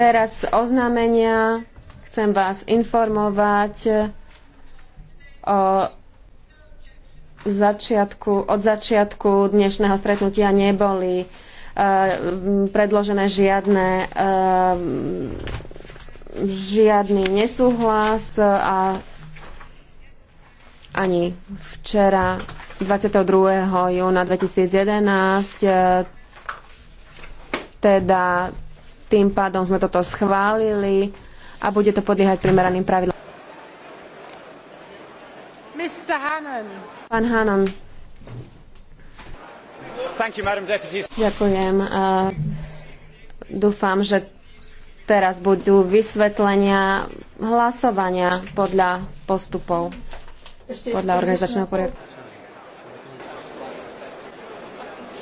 Teraz oznámenia. Chcem vás informovať o začiatku, od začiatku dnešného stretnutia neboli uh, predložené žiadne uh, žiadny nesúhlas a ani včera 22. júna 2011 e, teda tým pádom sme toto schválili a bude to podliehať primeraným pravidlám. Pán Hanan. You, Ďakujem. Uh, dúfam, že teraz budú vysvetlenia hlasovania podľa postupov, podľa organizačného poriadku.